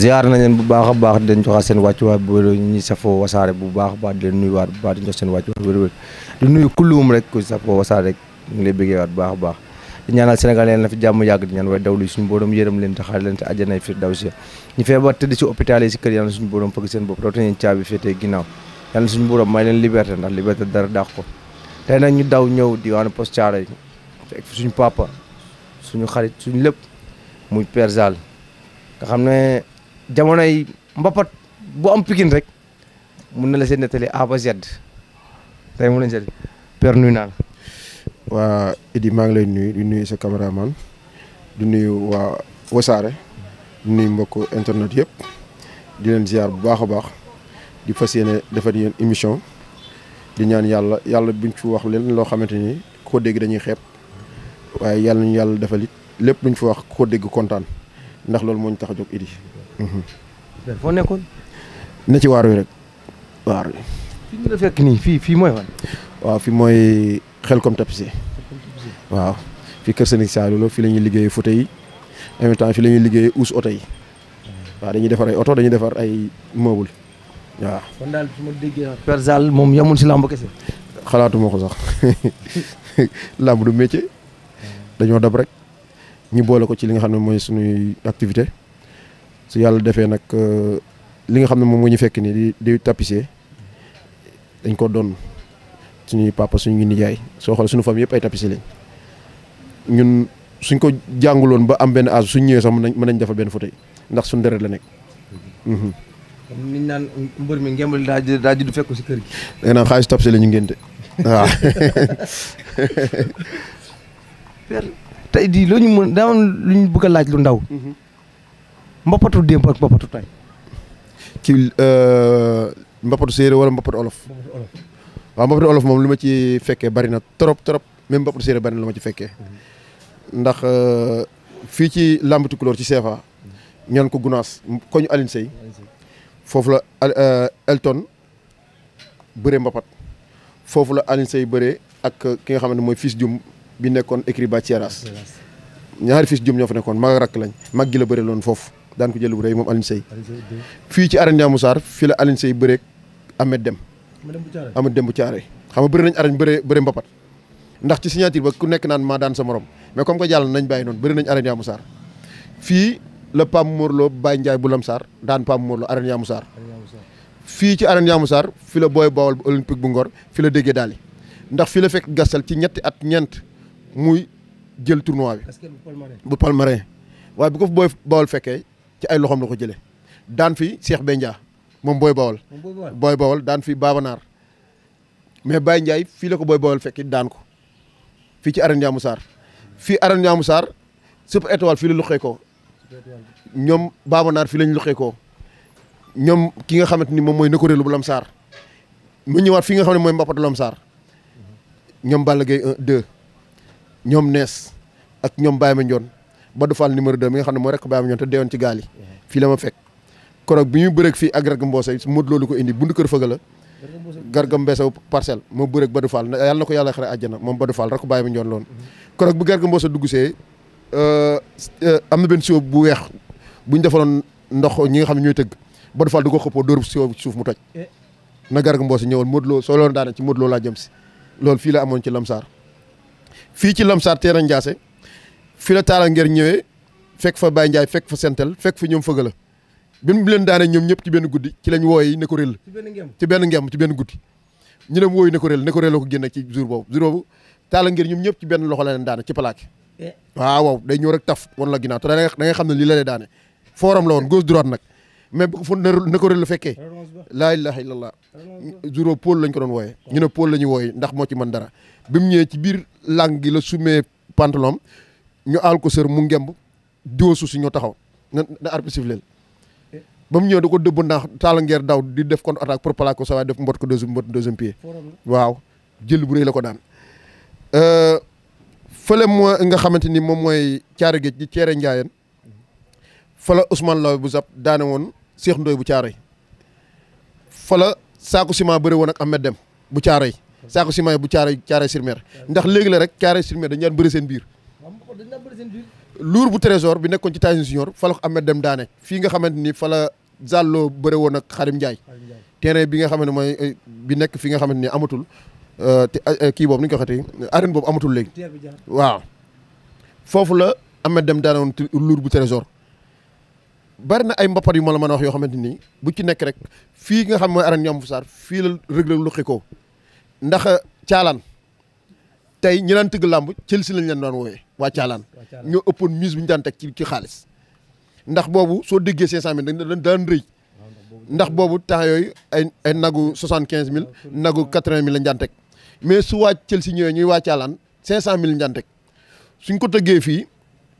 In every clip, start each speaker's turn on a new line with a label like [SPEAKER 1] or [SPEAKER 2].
[SPEAKER 1] ziar nañ leen bu baax a baax di leen joxaat seen wàccuwaay bu bu baax a baax di leen nuyuwaat bu baax di jox seen wàccuwaay wér wér di nuyu kulluum rek ku safoo wasaare rek ñu ngi lay baax a baax di ñaanal Sénégal yeen fi jàmm yàgg di ñaan waaye dawlu suñu borom yërëm leen te xaar leen te àjjanay fi daw si ñu feebar tëdd si hôpital si kër yàlla suñu borom fëgg seen bopp dootu ñu caabi féetee ginnaaw yàlla suñu borom may leen liberté ndax liberté dara dàq jamonoy mbapat bu am pikin rek mun na la see nettali A ba Z tey mun nañu seetlu
[SPEAKER 2] père naa la. waa Idi maa ngi lay nuyu di nuyu sa man di nuyu waa Wasaare di nuyu mbokk internet yëpp di leen ziar bu baax a baax di fas yéene defar yéen émission di ñaan yàlla yàlla buñ fi wax leen loo xamante ni koo dégg dañuy xeeb waaye yàlla ñu yàlla defal it lépp luñ fi wax ko dégg kontaan ndax loolu moo ñu tax a jóg foo nekkoon. ne ci waar wi rek waar wi. fi fii fii mooy wan. waaw fii mooy Xelcom Tapissier. waaw fii Kër Sëriñ Saliou la fii la ñuy liggéeyee fauteuil yi en même temps fii la ñuy uus oto yi waaw dañuy defar ay oto dañuy defar ay meuble waaw.
[SPEAKER 1] daal su ma moom yamul si làmb kese.
[SPEAKER 2] xalaatuma ko sax làmb du métier hmm. dañoo dab rek ñu boole ko ci li nga xam ne mooy suñuy activité su yàlla defee nag euh, li nga xam ne moom moo ñu fekk nii di di tapissier dañ ko doon suñuy papa suñu nijaay soo xoolee suñu famille yëpp ay tapissier lañ ñun suñ ko jànguloon ba am benn âge suñ ñëwee sax mën nañ mën nañ defar benn fauteuil ndax suñ deret la nekk. Mhm.
[SPEAKER 1] comme naan mbër mi ngeen bëgg daa daa judd fekku si kër gi.
[SPEAKER 2] da naan xaalis tapissier la ñu ngénte waaw.
[SPEAKER 1] père tey di lu ñu mën daa lu ñu bëgg a laaj lu ndaw. Mhm. mbappatu démb ak mbappatu tay
[SPEAKER 2] ci euh, mbappatu wala mbappatu olof. waaw mbappatu olof moom lu ma ci fekkee bari na trop trop même mbappatu séeréer bari na lu ma ci fekkee. ndax euh, fii ci làmb tukulóor ci CFA. ñaan ko Gunaas ko ñu foofu la euh, Elton bëree mbapat foofu la Alioune Seye bëree ak ki nga xam ne mooy Fils Dioum bi nekkoon écrit ba Thiéras ñaari Fils Dioum ñoo fa nekkoon mag rakk lañ mag gi la bëree loon foofu. daan ko jël bu rëy moom Alioune fii ci arène Ndiamou Sarr fii la Alioune Seye bëreeg Ahmed Dem Ahmed Dem bu Thiaré xam nga bëri nañ arène bëre bëre mbapat ndax ci signature ba ku nekk naan maa daan sa morom mais comme que jàll nañ bàyyi noonu bëri nañ arène Ndiamou Sarr fii la Pam Morlo Baye Ndiaye bu Lam Sarr daan Pam Morlo arène Ndiamou Sarr fii ci arène Ndiamou saar fii la booy Bawol bu olympique bu Ngor fi la déggee daal ndax fii la fekk gastal ci ñetti at ñeent muy jël tournoi bi bu palmarin waaye bu ko booy Bawol fekkee ci ay loxoom la ko jëlee daan fi Cheikh Benja moom booy bawol booy bawol daan fi Babanaar mais Baye Ndiaye fii la ko booy bawol fekki daan ko fii ci arène Ndiamou Sarr fii arène Ndiamou Sarr super étoile fii la luxee ko ñoom Babanaar fii lañ luxee ko ñoom ki nga xamante ni moom mooy nëkkuréelu bu Lam saar mu ñëwaat fi nga xam ne mooy mbapatu Lam saar ñoom Balla Gaye 1 2 ñoom nees ak ñoom Baye Mandione Badou Fall numéro 2 mi nga xam ne moo rek bàyyi ma ñoon te deewoon ci gaal yi fii la ma fekk koroog bi ñu bërëg fii ak Garga Mbossé Modou Lo lu ko indi bundu kër fëga la Garga Mbossé parcelle moo bërëg Badou Fall yàlla na ko yalla xare àjjana moom Badou Fall rek bàyyi ma ñoon loon koroog bu Garga Mbossé dugg see euh, euh, am na benn siwo bu weex bu ñu defaloon ndox ñi nga xam ne ñooy tëgg Badou Fall du ko xëppoo dóor siwo ci suuf mu toj eh. na Garga Mbossé ñëwoon Modou Lo soo loon daana ci Modou Lo laa jëm si loolu fii la amoon ci Lamsaar fii ci Lamsaar Teera Ndiassé fi la taala ngeer ñëwee fekk fa Baye Ndiaye fekk fa senteel fekk fa ñoom fëgg la bi mu leen daane ñoom ñëpp ci benn guddi ci lañ wooyi ne ko réel ci benn ngem ci benn guddi ñu dem wooyu ne ko réel ne ko réel la ko génne ci jour boobu jour boobu taala ngeen ñoom ñëpp ci benn loxo la leen daane ci plaque eh. waaw waaw day ñëw rek taf wan la ginnaaw te da ngay xam ne lii la leen daane forum la woon gauche droite nag mais fu ne ko réel la fekkee laa ilaha illallah jour boobu Paul lañ ko doon wooyee ñu ne Paul la ñuy wooye ndax moo ci man dara bi mu ñëwee ci biir lan gi la sumee pantalon ñu aal sër mu ngemb diwa suuf si ñoo taxaw na na arbitre sifflé ba mu ñëw da ko dëbb ndax taala ngeer daw di def contre attaque pour pala ko sa waay def mbot ko deuxième mbot deuxième pied waaw jël bu rëy ko daan euh, fële nga xamante ni moom mooy caare géej gi ceere njaayen fala Ousmane Law bu zap daane woon Cheikh bu caare fala saaku ciment bari woon ak Ahmed Dem bu caare saaku ciment bu caare caare sur mer ndax léegi le rek caare sur mer dañu daan bëri seen biir luur bu trésor bi nekkoon ci Tyson Junior fa la ko dem daane fii nga xamante ni fala la Zallo bëre woon ak Xarim Ndiaye terrain bi nga xam ne mooy eh, bi nekk fi nga xamante ni amatul eh, te eh, kii boobu ni ñu ko waxatee arène boobu amatul léegi waaw foofu la Ahmed dem daane woon luur bu trésor bari na ay mbappat yu ma la mën a wax yoo xamante nii bu ci nekk rek fii nga xam mooy arène ñoom fu saar fii la rëgle lu ko ndax caalaan tey ñi daan tëgg làmb si lañ leen daan wooye wàccaalaan ñoo ëppoon mise bi ñu daan teg ci ci xaalis ndax boobu soo déggee cinq cent mille dañ daan rëy ndax boobu temps yooyu ay ay nagu soixante quinze mille nagu quatre vingt mille lañ daan teg mais su wàcc cël si ñëwee ñuy wàccaalaan cinq cent mille lañ daan teg suñ ko tëggee fii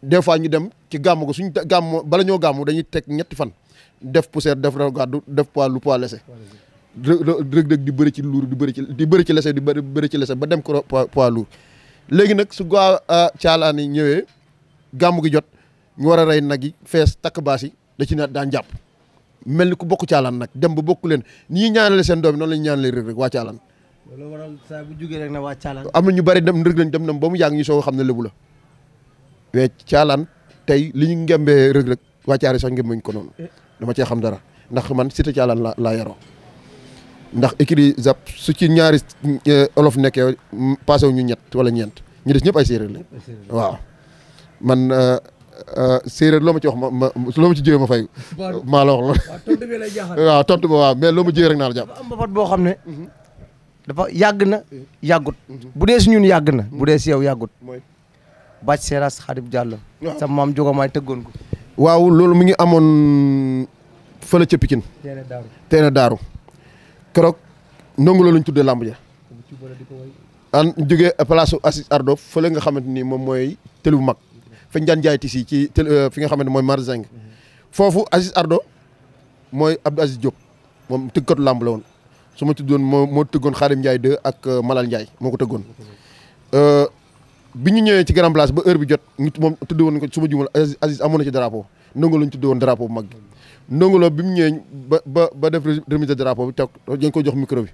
[SPEAKER 2] des fois ñu dem ci gàmm ko suñ gàmm bala ñoo gàmm dañuy teg ñetti fan def poussière def raw gàddu def poids lu poids laissé rëg rëg di bëri ci luur di bëri ci di bëri ci bëri ci laissé ba dem ko poids lourd léegi nag su gaa a ah, yi ñëwee gàmm gi jot ñu war a rey nag yi fees takk baas yi da ci naan daan jàpp mel ni ku bokk caalaan nag dem ba bokk leen ni ñuy ñaanale seen doomi noonu la ñuy ñaanalee rek rek waa caalaan.
[SPEAKER 1] loolu waral saa bu jugee rek na
[SPEAKER 2] am na ñu bari dem rëg lañ dem na ba mu yàgg ñu soog xam ne lébu la mais tey li ñu ngembee rëg rek waa caari sax ngembuñ ko noonu eh. dama cee xam dara ndax man cité caalaan la laa yaroo ndax écurie ZAP su ci ñaari euh, olof nekkee mm, passé wu ñu ñett wala ñeent ñu des ñëpp ay séeréer lañ waaw man euh, euh, séeréer loo ma ci wax ma ma loo ma ci jëyee ma fay. maa la wax loolu. waaw tontu ba waaw mais loo ma am
[SPEAKER 1] mbapat boo xam ne. Mhm.
[SPEAKER 2] dafa yàgg na mhm. yàggut. Mhm. bu dee si ñun yàgg na. bu dee si yow yàggut.
[SPEAKER 1] Bac Seras Xarib Diallo. sa maam Jogomaay tëggoon ko.
[SPEAKER 2] waaw loolu mi ngi amoon fële ca Pikine. teena daaru daaru. keroog ndongo lañu tuddee làmb ja an jógee place Assis Ardo fële nga xamante ni moom mooy tëli bu mag fe daan jaay tisi ci tël euh, fi nga xamante mooy Marzeng foofu Assis Ardo mooy Abdou Aziz Diop moom tëggkatu làmb la woon su ma tuddoon moo moo tëggoon Xaadim Ndiaye 2 ak euh, Malal Ndiaye moo ko tëggoon euh, bi ñu ñëwee ci grand place ba heure bi jot moom tudd woon ko su ma jumal Aziz amoon na ci drapeau ndongo la ñu woon drapeau bu mag Ndongo Lo bi mu ñëwee ba ba ba def remise de drapeau bi toog dañ ko jox micro bi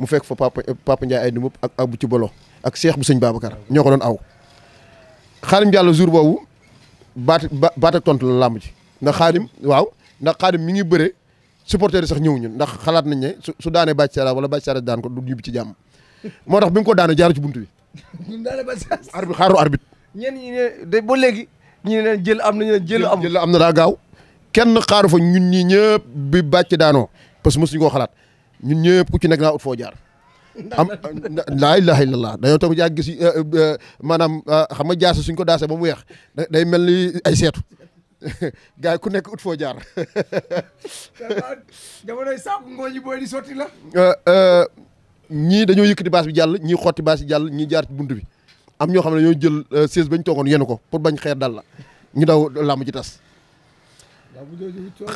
[SPEAKER 2] mu fekk fa papa papa Ndiaye ay ndimb ak ak bu ci bolo ak Cheikh bu sëñ Babacar ñoo ko doon aw. Xaadim Diallo jour boobu baat baat ak tontu la ji ndax Xaadim waaw ndax Xaadim mi ngi bëre supporter yi sax ñëwuñu ndax xalaat nañ ne su su daanee bàcc sara wala bàcc sara daan ko du ñibbi ci jàmm moo tax bi nga ko daanee jaaru ci bunt bi. arbitre xaaru arbitre ñenn ñi ne ba léegi ñu jël am na ñu jël am jël am na daa gaaw. kenn xaaru fa ñun ñi ñëpp bi bàcc daanoo parce que mosuñu koo xalaat ñun ñëpp ku ci nekk naa ut foo jaar. am laa ilaha illallah dañoo toog jaa gis euh, euh, maanaam euh, xam nga jaase suñ ko daase ba mu weex day mel ni ay seetu gars yi ku nekk ut foo jaar.
[SPEAKER 1] jamonoy sàmm ngoo ñi
[SPEAKER 2] ñii dañoo yëkkati baas bi jàll ñii xooti baas bi jàll ñii jaar bunt bi am ñoo xam ne dañoo jël chaise bañ toogoon yenu ko pour bañ xeer dal la ñu daw làmb ci tas.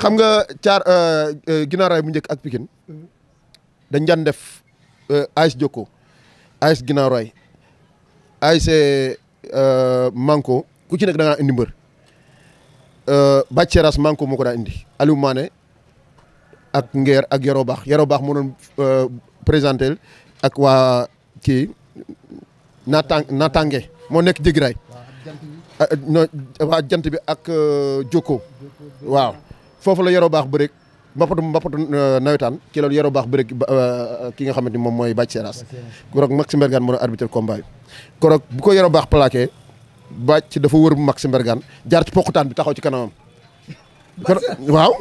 [SPEAKER 2] xam nga caar euh, euh, Guinaar Rail bu njëkk ak Pikine dañ daan def euh, AS Jokko AS Guinaar Rail Manko ku ci nekk da ngaa indi mbër Bacceras Manko moo ko daa indi Aliou ak Nguer ak Yoro Baax Yoro Baax moo doon présenté ak waa ki naatang naatange moo nekk Jégiraay Ah, non waa jant bi ak euh, Jokko waaw foofu la yoroo baax bu rek mbappatu mbappatu euh, nawetaan ci loolu yoroo baax bu rek euh, ki nga xamante ni moom mooy Bathie Seras koroog Maxime Bergane moo doon arbitre combat bi koroog bu ko yoroo baax plaqué ci dafa wër si Bergane jaar ci taan bi taxaw ci kanamam waaw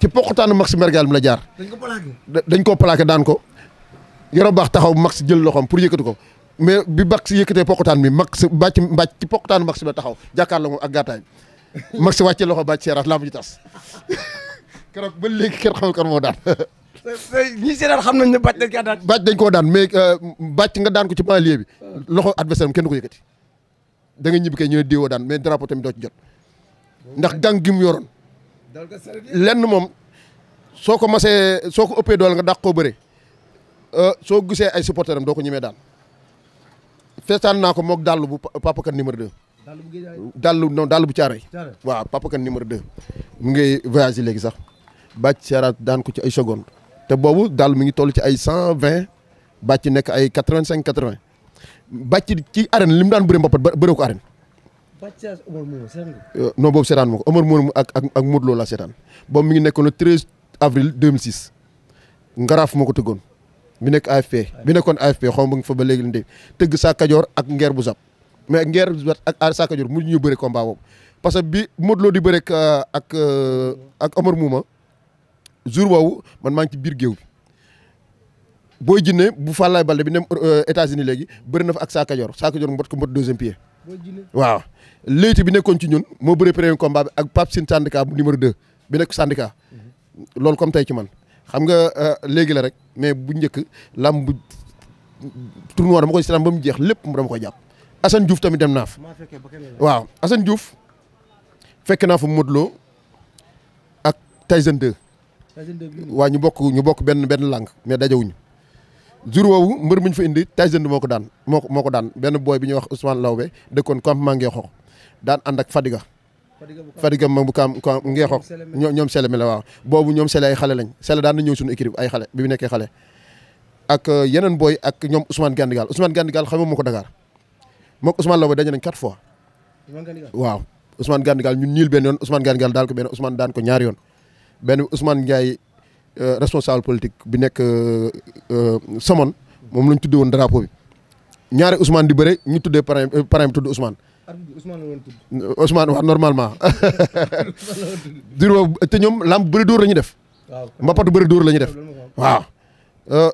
[SPEAKER 2] ci poqutaan Maxime Bergane bi la jaar dañ ko plaqué daan ko yoroo baax taxaw Max jël loxoom pour yëkkati ko mais bi Max yëkkatee poqutaan bi Max bàcc bàcc ci poqutaan Max ba taxaw jàkkaarloo moom ak gàttaay bi Max wàcce loxo bàcc seeraat laa ji tas keroog ba léegi kenn xamul kan moo daan. ñi xam nañ ne bàcc dañ ko dañ koo daan mais euh, bàcc nga daan ko ci banlieue bi. Ah. loxo adversaire am kenn du ko yëkkati. da nga ñibbi kay ñu ne diwoo daan mais drapeau tamit doo ci jot. ndax gàng gi mu yoroon. lenn moom soo ko masee soo ko ëppee doole nga dàq koo bëre. Euh, soo gisee ay supporteram doo ko ñemee daan. seetaan naa ko moog dàll bu Papa Kane numéro 2. dàll non dàll bu Caaroy. waaw Papa Kane numéro 2. mu ngi voyagé léegi sax bàcc seeraat daan ko ci ay seconde te boobu dàll mi ngi toll ci ay cent vingt bàcc nekk ay quatre vingt cinq quatre vingt ci arène li mu daan bëree mbappat bëree ko arène.
[SPEAKER 1] bàcc euh,
[SPEAKER 2] non boobu seetaan ma ko Omar ak ak ak Modou Lo laa seetaan boobu mi ngi nekkoon le treize avril deux mille six ngaraaf moo ko tëggoon. bi nekk AFP bi nekkoon AFP xaw ma nga fa ba léegi leen de tëgg saa ak ngeer bu zap mais ngeer bu zap ak aar mu kajoor mujj ñu bëre parce que bi Modou Lo di bëre ak euh, euh, ak Omar jour boobu man maa ngi ci biir géew bi booy jinne bu Fallaye Balde bi nem euh, États-Unis léegi bëri na fa ak saa kajoor saa kajoor mbot ko mbot deuxième pied waaw léyti bi nekkoon ci ñun moo bëri premier combat bi ak Pape Sine syndicat bu numéro 2 bi nekk syndicat mhm. loolu comme tey ci man xam nga euh, léegi la rek mais bu njëkk làmb tournoi dama koy seetaan ba mu jeex lépp mu dama koy jàpp Assane Diouf tamit dem naa fa waaw Assane Diouf fekk naa fa mu Lo ak Tyson 2 waaw ñu bokk ñu bokk benn benn làng mais dajawuñu jour woowu mbër muñ fa indi Tyson 2 moo ko daan moo ko moo ko daan benn booy bi ñu wax Ousmane Lawbe dëkkoon campement ngee xox daan ànd ak Fadiga Fatick ma bu kaam ñoom sele mi la waaw boobu ñoom sele ay xale lañ sele daan na ñëw suñu équipe ay xale bi mu nekkee xale ak euh, yeneen booy ak ñoom Ousmane Gandigal Ousmane Gandigal xam moo ko Dakar moom Ousmane la booy daje nañ quatre fois waaw Ousmane Gandigal ñun ñiil benn yoon Ousmane Gandigal daal ko benn Ousmane daan ko ñaari yoon benn Ousmane Ndiaye euh, responsable politique bi nekk euh, Somone moom lañ tudde woon drapeau bi ñaari Ousmane di bëre ñu tuddee parrain parrain bi tudd Ousmane
[SPEAKER 1] Ousmane la normalement. juróom
[SPEAKER 2] te ñoom lamb bëri door la def. waaw mbappatu bëri dóor la def. waaw euh,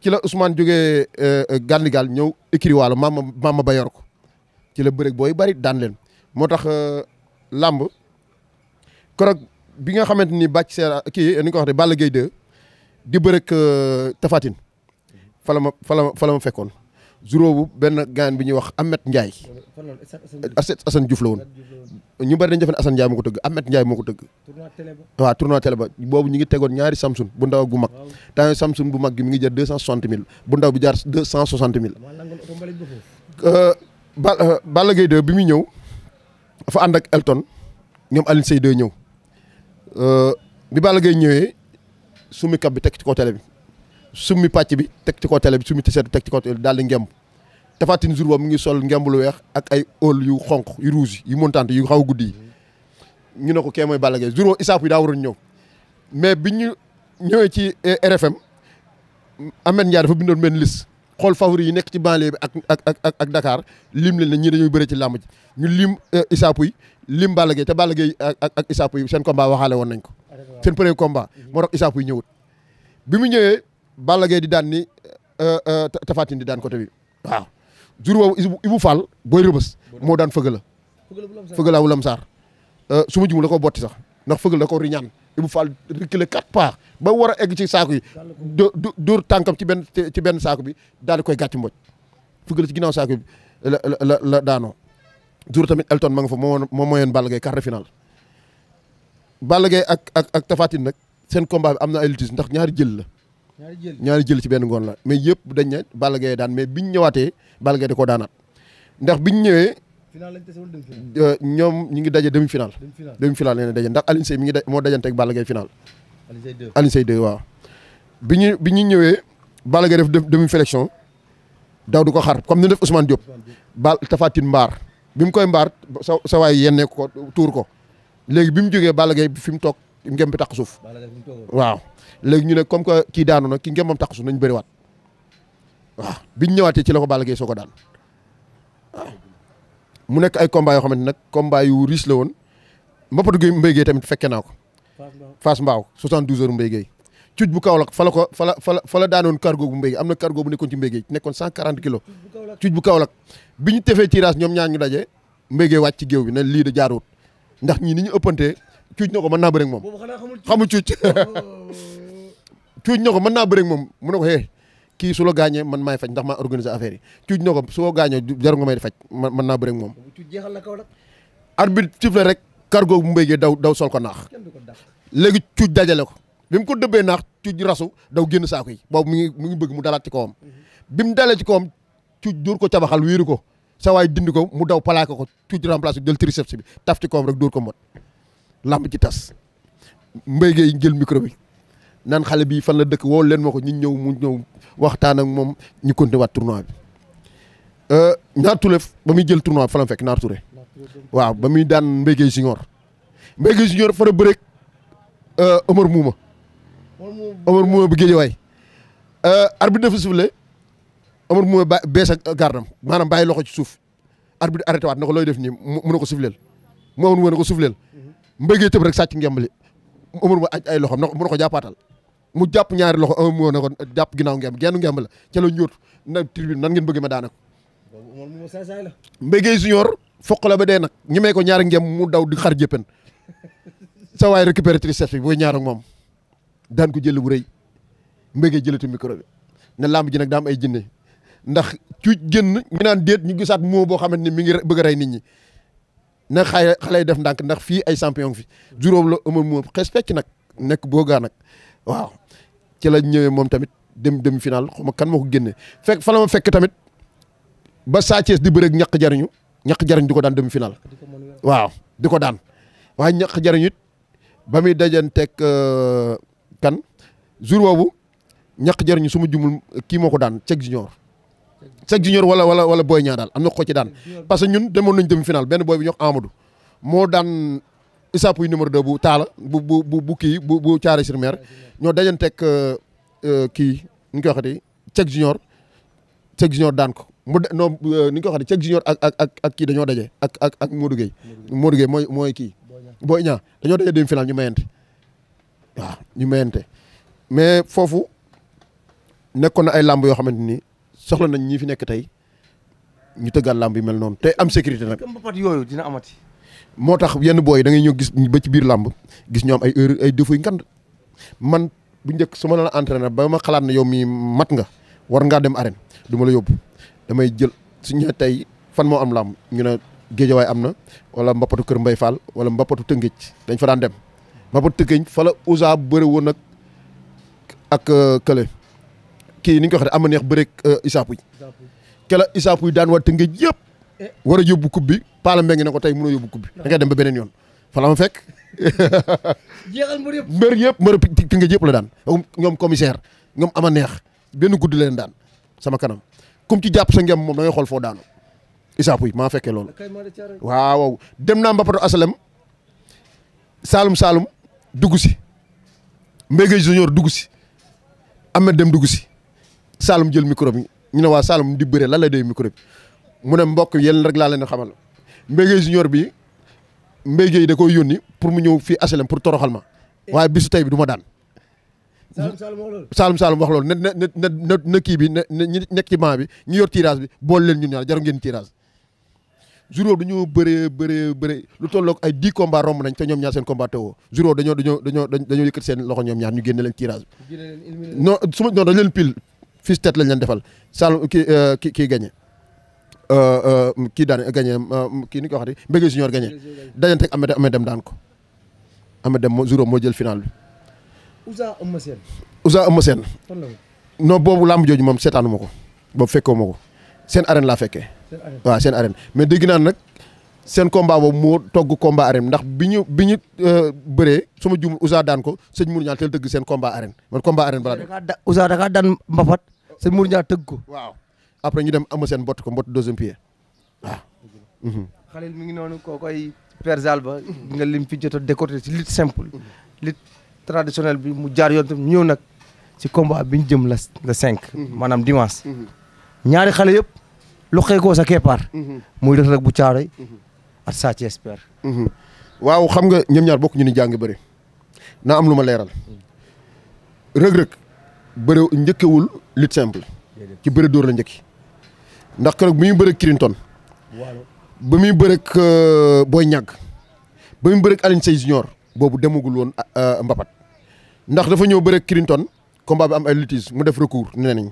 [SPEAKER 2] ci la Ousmane jógee euh, Gandigal ñëw écrit waalo maama maama ba yor ko ci la bëreeg booy bari daan leen moo tax euh, lamb keroog bi nga xamante ni bàcc seera kii ni ko waxee Balla Gaye 2 di bëreeg Tapha Tine fa ma fa la ma fa la ma fekkoon. juróobu benn gaan bi ñu wax Amet Ndiaye Aset Assane Diouf la woon ñu bari dañu defe ne Assane moo ko tëgg Amet Ndiaye moo ko tëgg waaw tournoi télé ba boobu ñu ngi tegoon ñaari Samsung bu ndaw ak bu mag temps Samsung bu mag gi mi ngi jar deux cent soixante mille bu ndaw bi jaar deux cent soixante mille ba euh, euh, Balla Gaye 2 bi muy ñëw dafa ànd ak Elton ñoom Alioune Seye 2 ñëw euh, bi Balla Gaye ñëwee sumi kap bi teg ci kaw bi summi pàcc bi teg ci kaw télé bi summi tiset ci kaw télé bi daal di ngemb Tapha Tine jour ngi sol ngemb lu weex ak yu xonq yu rouge yu montante yu xaw a guddi yi ñu ne ko kee mooy Balla Gaye jour boobu Issa Pouye mais bi ñu ñëwee ci eh, RFM Ahmed Ndiaye dafa bindoon benn liste xool favori yi nekk ci banlieue bi ak ak ak ak Dakar lim leen ne ñii dañuy bëre ci làmb ji ñu lim eh, Issa Pouye lim Balla Gaye te Balla Gaye ak ak Issa Pouye seen combat waxaale woon nañ ko. seen premier combat mhm. moo tax Issa Pouye ñëwut bi mu ñëwee. Balla Gaye di daan ni euh, euh, Tapha di daan côté bi waaw jur woowu Ibou Fall booy rëbës moo daan fëgala fëgala wu lamsaar euh, su ma jumul ko botti sax ndax fëgal da ko riñaan Ibou Fall reculer quatre pas ba war a egg ci saaku yi dóor tànkam ci benn ci benn saaku bi daal koy gàcc mboj fëgal ci ginnaaw saaku bi la la la daanoo jour tamit Elton ma nga fa moo moom mooyoon Balla Gaye de finale Balla ak ak ak Tapha nag seen combat bi am na ay ndax ñaari jël la
[SPEAKER 1] ñaari
[SPEAKER 2] jël ci benn ngoon la mais yëpp dañ ne Balla Gaye daan mais biñ ñëwaatee Balla Gaye da koo daanaat ndax biñ ñëwee euh, ñoom ñu ngi daje demi final demi final nee na daje ndax Alioune Seye mi ngi da moo dajante ak Balla Gaye final Alioune Seye 2 waaw bi ñu bi ñu ñëwee Balla Gaye def demi sélection daw du ko xar comme ni def Ousmane Diop bal tafatin mbaar bi mu koy mbaar sa sa waay yenne ko tuur ko léegi bi mu jógee Balla Gaye fi mu toog ngem bi taq suuf waaw léegi ñu ne comme que kii daanu na ki ngeen moom taxasu nañ bëriwaat waaw biñ ñëwaatee ci la ko bala Gaye soo ko daan waaw mu nekk ay combat yoo xamante nag combat yu riche la woon mbappatu gi mbéy gee tamit fekke naa ko Fass Mbao 72 heures mbéy gee cuuj bu Kaolack fa la ko fala la fala fala fala la daanoon cargo bu mbéy am na cargo bu nekkoon ci mbéy gee nekkoon 140 kilos cuuj bu Kaolack bi ñu tefee tirage ñoom ñaa ñu daje mbéy gee ci géew bi ne lii da jaaruwut ndax ni ñu ëppantee cuuj ko mën naa bëri ak moom xamul cuuj oh. cuuj na ko mën naa bëre moom mu ne hee kii su gaañee man maay faj ndax maa organise affaire yi cuuj na ko su ko gaañoo jaru nga may di faj mën naa bëre ak moom arbitre siffle rek cargo bu mbéygee daw daw sol ko naax léegi cuuj dajale ko bi mu ko dëbbee naax cuuj rasu daw génn saako yi boobu mi ngi mi bëgg mu dalaat ci kawam mhm. bi mu dalee ci kawam cuuj dóor ko cabaxal wéeru ko sawaay waay dindi ko mu daw palaaka ko cuuj remplacé jël triceps bi taf ci kawam rek dóor ko mot làmb ci tas mbéygee jël micro bi naan xale bi fan la dëkk woo leen ma ko ñu ñëw mu ñëw waxtaan moom ñu continué waat tournoi bi. Euh, Naar ba muy jël tournoi bi fa la fekk Naar Touré waaw ba muy daan Mbengue Junior Mbengue Junior fa la bëreeg euh, Omar Mouma. Omar Mouma bu Guédiawaye euh, arbitre dafa soufflé Omar Mouma ba bees ak gardam maanaam bàyyi loxo ci suuf arbitre arrêté waat na looy def nii mu ne ko souffleel mu amoon mu ne ko souffleel mbéy tëb rek sàcc ngembali Omar Mouma aj ay loxoom na ko mu ne mu jàpp ñaari loxo un moo ne ko jàpp ginnaaw ngemb genn ngemb la ca la ñóot na tribune nan ngeen bëgg ma daanaka mbégeey junior foq la ba dee nag ñi mee ko ñaari ngemb mu daw di xar jëppan sa waay récupéré tristesse bi booy ñaar moom daan ko jël bu rëy mbégeey jëlatu micro bi ne làmb ji nag daa am ay jinne ndax cuuj gën ñu naan déet ñu gisaat moo boo xamante ni mi ngi bëgg rey nit ñi na xay xale def ndànk ndax fii ay champion fi juróom la amoon moo xes fecc nag nekk boogaa nag ci la ñëwee moom tamit dem dem final xuma kan moo ko génne fekk fa la ma fekk tamit ba Sa Thiès di bëreeg ñaq jariñu ñaq jariñ di ko daan demi final. waaw di ko daan waaye ñaq jariñ it ba muy dajanteeg euh, kan jour boobu ñaq jariñu su ma jumul kii moo ko daan Cheikh Junior. Cheikh Junior wala wala wala Boy Niang daal am na ko ci daan parce que ñun demoon nañ demi final benn boy bi ñox Amadou moo daan. Issa Pouye numéro 2 bu taala bu bu bu bu kii bu bu Thiaré ñoo Mer ñoo euh, euh, kii ni ñu koy waxati Cheikh Junior Cheikh Junior daan ko mu de non euh, ni ñu koy waxati Cheikh Junior ak ak ak kii dañoo daje ak ak ak Modou Gueye. mooy mooy kii. boo Niang dañoo daje demi final ñu mayante waaw ñu mayante mais foofu nekkoon ay làmb yoo xamante ni soxla nañ ñi fi nekk tey ñu tëggaat làmb yi mel noonu te am sécurité nag. mbapat yooyu dina amati. moo tax yenn booy da ngay ñëw gis ba ci biir làmb gis ñoo am ay erreur ay défauts yu man bu njëkk su ma la entraîné ba ma xalaat ne yow mii mat nga war ngaa dem aren duma la yóbbu damay jël suñu ne tey fan moo am làmb ñu ne géejawaay am na wala mbappatu kër Mbay Fall wala mbappatu Tëngéej dañ fa daan dem mbappatu Tëngéej fala la usa bëri woon ak ak euh, kële kii ni ñu ko waxee am na neex bëreeg euh, Issa Pouye kela Issa daan waa Tëngéej yëpp war a yóbbu coupe bi Pala Mbengue ne ko tey mënoo yóbbu coupe bi dem ba beneen yoon fala la ma fekk. mbër yëpp mbër yëpp mbër pi nga yëpp la daan ñoom commissaire ñoom a neex benn guddi leen daan sama kanam comme ci jàpp sa ngem moom da ngay xool foo daanu Issa Pouye maa fekkee loolu waaw dem naa mbappatu asalem saalum saalum dugg si Mbengue junior dugg si am Ahmed dem dugg si saalum jël micro bi ñu ne waa saalum di bëre la lay doy micro mu ne mbokk yenn rek laa leen xamal Mbaye Guèye junior bi Mbaye Guèye da koy yónni pour mu ñëw fii HLM pour toroxal ma waaye bisu tey bi du ma daan. Saalum Saalum wax lool na na na na kii bi na ñi nekk ci banc bi ñu yor tirage bi boole leen ñun ñaar jaru ngeen tirage. Juro dañoo bëree bëree bëree lu tollook ay di combats romb nañ te ñoom ñaar seen combat teewoo Juro dañoo dañoo dañoo dañoo yëkkat seen loxo ñoom ñaar ñu génne leen tirage bi. su ma non dañ leen pile fii tête lañ leen defal Saalum kii euh, kii kii gagné. Euh, euh, kii daan gagné euh, kii ni ko waxati Mbégue Junior gagné dajanteeg Amady Amady Deme daan ko Amady Deme moo Zuro moo jël final bi.
[SPEAKER 1] Ousa Eumeu Sène.
[SPEAKER 2] Ousa Eumeu Sène. boobu làmb jooju moom seetaanu ma ko boobu fekkoo ma ko seen arène laa fekke seen seen arène mais dégg naa nag seen combat boobu moo togg combat arène ndax bi ñu bi ñu bëree su ma juum Ousa daan ko sëñ Mour Niang teel dëgg seen combat arène man combat arène balaa. Ousa da kaa daan mbapat sëñ Mour Niang tëgg ko waaw. après ñu dem ama seen mbott ko mbott deuxième pied waaw. Ah.
[SPEAKER 1] Mhm. Khalil mi ngi noonu kookoy
[SPEAKER 2] Père Zalba nga lim fi jot a décorté ci lutte
[SPEAKER 1] simple. Mhm. lutte traditionnelle bi mu jaar yoon tam ñëw nag ci combat bi ñu jëm la le cinq. Mhm. maanaam dimanche. ñaari xale yëpp loxee koo sa keppaar.
[SPEAKER 2] muy Reug Reug bu Caaroy ak Sa waaw xam nga ñoom ñaar bokk ñu ni jàng bëri naa am lu ma leeral. Reug Reug bëre njëkkewul lutte simple. ci bëre dóor la njëkki. ndax keroog bu ñu bëreeg Kirinton. ba muy bëreeg euh, Boy Niang ba muy bëreeg Alioune Seye Junior boobu demagul woon euh, Mbapat ndax dafa ñëw bëreeg Kirinton combat bi am ay litige mu def recours ne nañ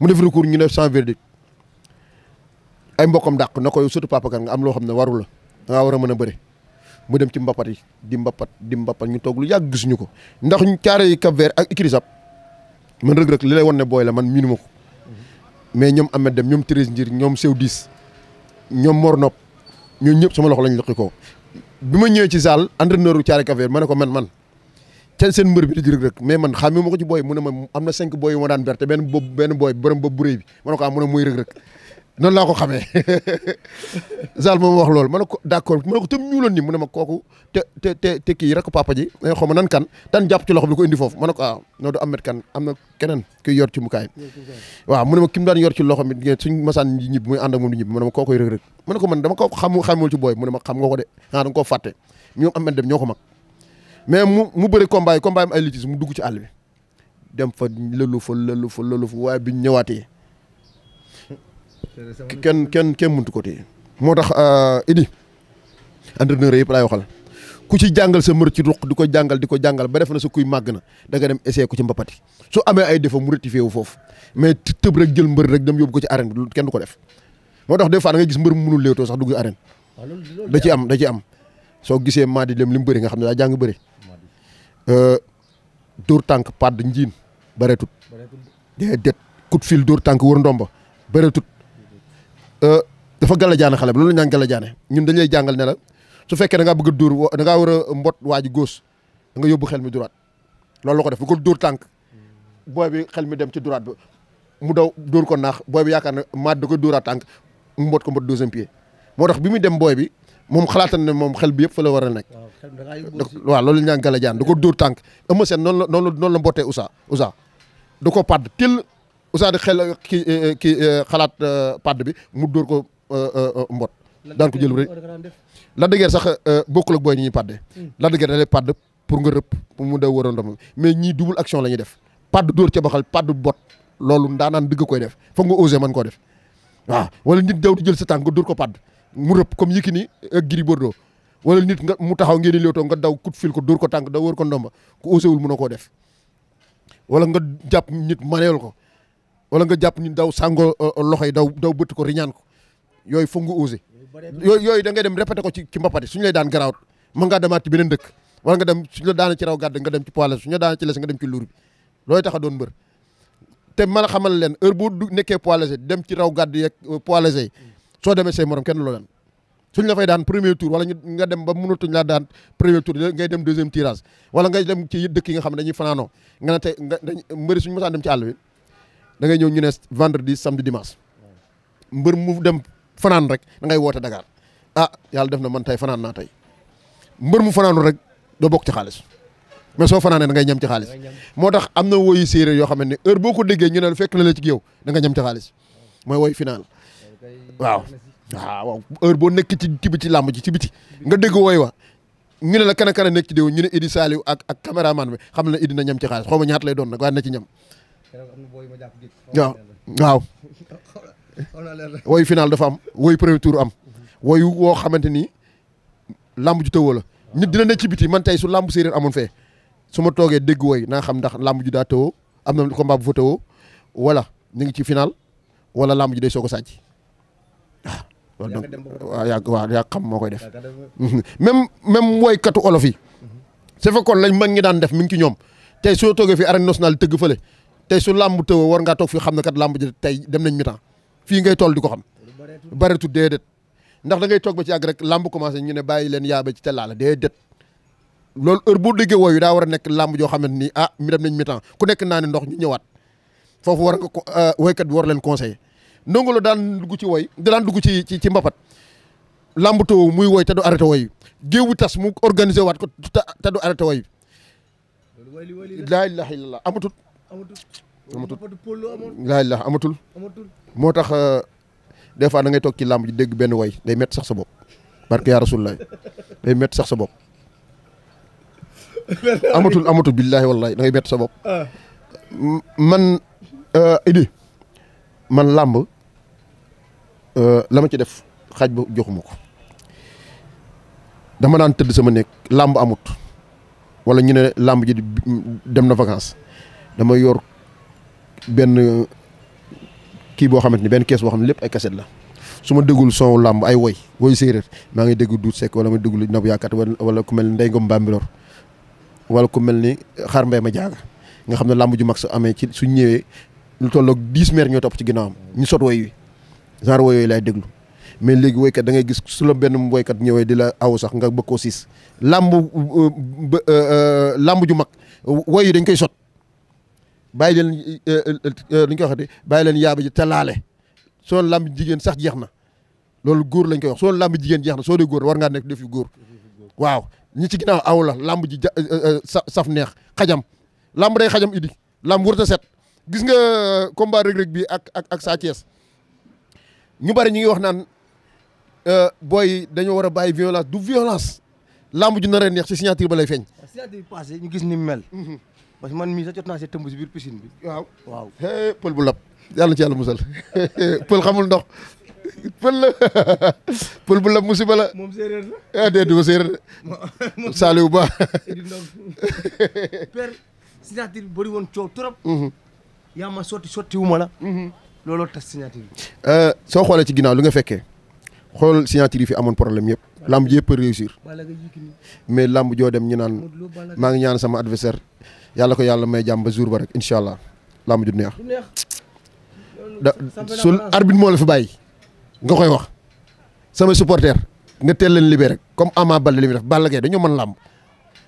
[SPEAKER 2] mu def recours ñu def sans verdict ay mbokkam dàq na koy surtout Papa nga am loo xam ne waru la da war a mën a bëre mu dem ci Mbapat yi di mbappat di mbappat ñu toog lu yàgg gisuñu ko ndax ñu caare yi Cap Vert ak Ikirisab man rëg-rëg li lay wan ne booy la man miinu ko. mais ñoom Ahmed Dem ñoom Thérèse Ndir ñoom Sew Diis ñoom Mor Nopp ñoo ñëpp sama loxo lañ loqi ko bi ma ñëwee ci saal entraîneur u Thiaré Café ma ne ko man man ca seen mbër bi di Reug Reug mais man xàmmee ma ko ci booy mu ne ma am na cinq booy yu ma daan berte benn boobu benn booy borom boobu bu rëy bi ma ne ko ah mu ne muy Reug Reug noonu laa ko xamee Zal moom wax lool ma ne ko d'accord ma ne ko tam ñuuloon ni mu ne ma kooku te te te te kii rek papa ji eh, xaw nan kan daan jàpp ci loxo bi ko indi foofu ma ne ko ah non na keneen kuy yor ci waaw mu ne daan yor ci loxo mi suñ masaan ñib muy ànd moom di ñib mu ne ma kookoy rëg-rëg ma ne ko man dama ko xam xamul ci booy mu ne ma xam nga ko de ah da nga koo fàtte ñoom Ahmed dem ñoo ko mag mais mu mu bëri combat yi combat am ay litis mu dugg ci àll bi dem fa lëlu fa lëlu kenn kenn mun muntu ko téye moo tax euh, Idi entraîneur yëpp laay waxal ku ci jàngal sa mër ci ruq di ko jàngal di ko jàngal ba def na sa kuy màgg na da nga dem essayé ko ci mbapati su amee ay défaut mu rectifié wu foofu mais tëb rek jël mbër rek dem yóbbu ko ci arène bi kenn du ko def moo tax des fois da ngay gis mbër mu mënul léewtoo sax dugg arène da ci am da ci am soo gisee maa di Lem li mu bëri nga xam ne daa jàng bëri euh, dóor tànk padd njiin bëreetut dee det coup de fil dóor tànk wër ndomba Euh, dafa gala jaane xale bi loolu la ñu ñun dañ lay jàngal ne la su fekkee danga ngaa bëgg a dóor da ngaa war a mbot waa ji góos da nga yóbbu xel mi droite loolu la def ko dóor tànk booy bi xel mi dem ci droite bi mu daw dóor ko naax booy bi yaakaar ne maat da koy dóoraat tànk mu mbot ko mbot deuxième pied moo tax bi muy dem mbooy bi moom xalaatan ne moom xel bi yëpp fa la war a nekk waaw loolu la ñu naan gala jaane da ko dóor tànk ëma seen noon la noonu la mbottee usa usa da ko padd til Usaadi xel ki ki eh, xalaat eh, padd bi mu dóor ko eh, mbot daan ko jël rek Lac de Guiers sax bokkul ak booy ñi ñuy padde hmm. Lac de Guiers pour nga rëpp pour mu daw waroon dama mais ñii double action la ñuy def padd dóor ca baxal padd bot loolu ndaanaan dëgg koy def foog nga osé mën koo def waaw wala nit daw di jël sa tànk nga ko padd mu rëpp comme Yékini ak Gris Bordeaux wala nit nga mu taxaw ngeen di nga daw coup de fil ko dóor ko tànk da wër ko ndomba ku osé wul mënoo koo def wala nga jàpp nit maneel ko wala nga jàpp ñu daw sàngoo euh, euh, loxo yi daw daw bëtt ko riñaan ko yooyu foog nga osé yooyu yooyu da ngay dem répété ko ci ci mbapat yi suñu lay daan garaawut mën ngaa demaat ci beneen dëkk wala nga dem suñu la daana ci raw gàdd nga dem ci poids suñu la daana ci les nga dem ci a doon dem ci raw gàdd yeeg euh, poids demee say morom kenn loo daan suñ la fay daan premier tour wala nga dem ba mënatuñ laa daan premier tour ngay dem deuxième tirage wala ngay dem ci dëkk yi nga xam ne dañuy fanaanoo nga ne tey nga mbëri suñu mosaan dem ci àll bi da ngay ñëw ñu ne vendredi samedi dimanche mbër mu dem fanaan rek da ngay woote Dakar ah yàlla def na man tay fanaan naa tey mbër mu fanaanul rek doo bokk ci xaalis mais soo fanaanee da ngay ñam ci xaalis moo tax am na woyu séeréer yoo xamante ne heure boo ko déggee ñu fekk na la ci yow da nga ci xaalis mooy woy final waaw ah, waaw heure boo nekk ci ci biti làmb ji ci biti nga dégg woy wa ñu ne la kan a kan nekk ci déw ñu ne Idi Saliou ak ak caméraman bi xam na Idi na ñam ci xaalis xaw ma ñaata lay doon na waaye na ñam
[SPEAKER 1] waaw
[SPEAKER 2] waaw woyu final dafa am woyu premier tour am woyu woo xamante ni làmb ju tëwoo la nit dina ne ci biti man tey su làmb séeréer amoon fee su ma toogee dégg wooy naa xam ndax làmb ju daa tëwoo am na combat bu fa tëwoo wala ñu ngi ci final wala làmb ji day soo ko sàcc ah, waaw donc waaw yàgg waaw yàgg xam moo koy def même même wooykatu olof yi mhm. su lañ man ngi daan def mi ngi ci ñoom tey soo toogee fi arène nationale tëgg fële tey su làmb tëwoo war ngaa toog fii xam ne kat làmb ji tey dem nañ mi-temps fii ngay tool di ko xam bareetu déedéet ndax dangay toog ba ci yàgg rek làmb commencé ñu ne bàyyi leen yaaba ci tellaala det loolu heure boo déggee wooyu daa war a nekk làmb joo xam ne ni ah mi dem nañ mi ku nekk naane ne ndox ñu ñëwaat foofu war nga ko ah, woykat bi war leen conseiller ndongo la daan dugg ci woy daan dugg ci ci ci mbapat làmb tëwoo muy woy ta du arrêté woy géew bu tas mu organisé waat ko te du arrêté woy laa ilaha illallah amatut amatul laa illah amatul moo tax euh, des fois da ngay toog ci làmb ji dégg benn woy day métti sax sa bopp barke yaa rasulullah day métti sax sa bopp amatul amatul billahi wallahi da ngay métti sa bopp ah. man euh, idi man làmb euh, la ci def xaaj ba joxuma ko dama naan tëdd sama néeg làmb amut walla ñu ne làmb ji dem na vacances dama yor benn kii boo xamante ni benn kees boo xam ne lépp ay kaset la su ma déglu son làmb ay woy woy séeréer maa ngi déglu Duut Seck wala ma déglu Nabou Yaakat wala ku mel ni Ndeye Ngom Bambilor wala ku mel ni Xaar Mbay ma jaaga nga xam ne làmb ju mag su amee ci suñ ñëwee lu tolloog dix mètres ñoo topp ci ginnaawam ñu sot woy wi genre woy yooyu laay déglu mais léegi woykat da ngay gis su la benn woykat ñëwee di la aw sax nga bëgg koo siis làmb euh, euh, làmb ju mag woy yi dañ koy sot bàyyi leen li euh, ñu koy waxati bàyyi leen yaaba ji te laale soo làmb jigéen sax jeex na loolu góor lañ koy wax soo làmb jigéen jeex na soo dee góor war ngaa nekk defi yu góor waaw ñi ci awla lamb la làmb ji euh, euh, saf neex xajam làmb day xajam idi làmb wërta set gis nga combat Reug Reug bi ak ak ak Sa ñu bari ñu ngi wax naan booy dañoo war a bàyyi violence du violence làmb ju nar a neex ci signature ba lay feeñ. signature ñu gis ni mu mel. Mm-hmm. parce que man mii sax jot naa see tëmb si biir piscine bi. waaw waaw hey pël bu lab yàlla ci yàlla musal pël xamul ndox pël la pël bu lab musiba la. moom séeréer la ah eh, déedéet du ko séeréer
[SPEAKER 1] de. Saliou Ba. père signature bi bëri woon coow trop. Mhm. yaa ma sotti wu ma la. Mhm. looloo tas signature bi.
[SPEAKER 2] Eh, soo xoolee ci ginnaaw li nga fekkee xool signature yi fi amoon problème yëpp. lamb ji yëpp réussir. mais lamb joo dem ñu naan maa ngi ñaan sama adversaire. yàlla ko yàlla may jàmm ba jour ba rek incha allah làmb ju neex da su arbitre moo la fi bàyyi nga koy wax sama supporter nga teel leen libéré rek comme Ama Baldé li muy def Balla dañoo mën làmb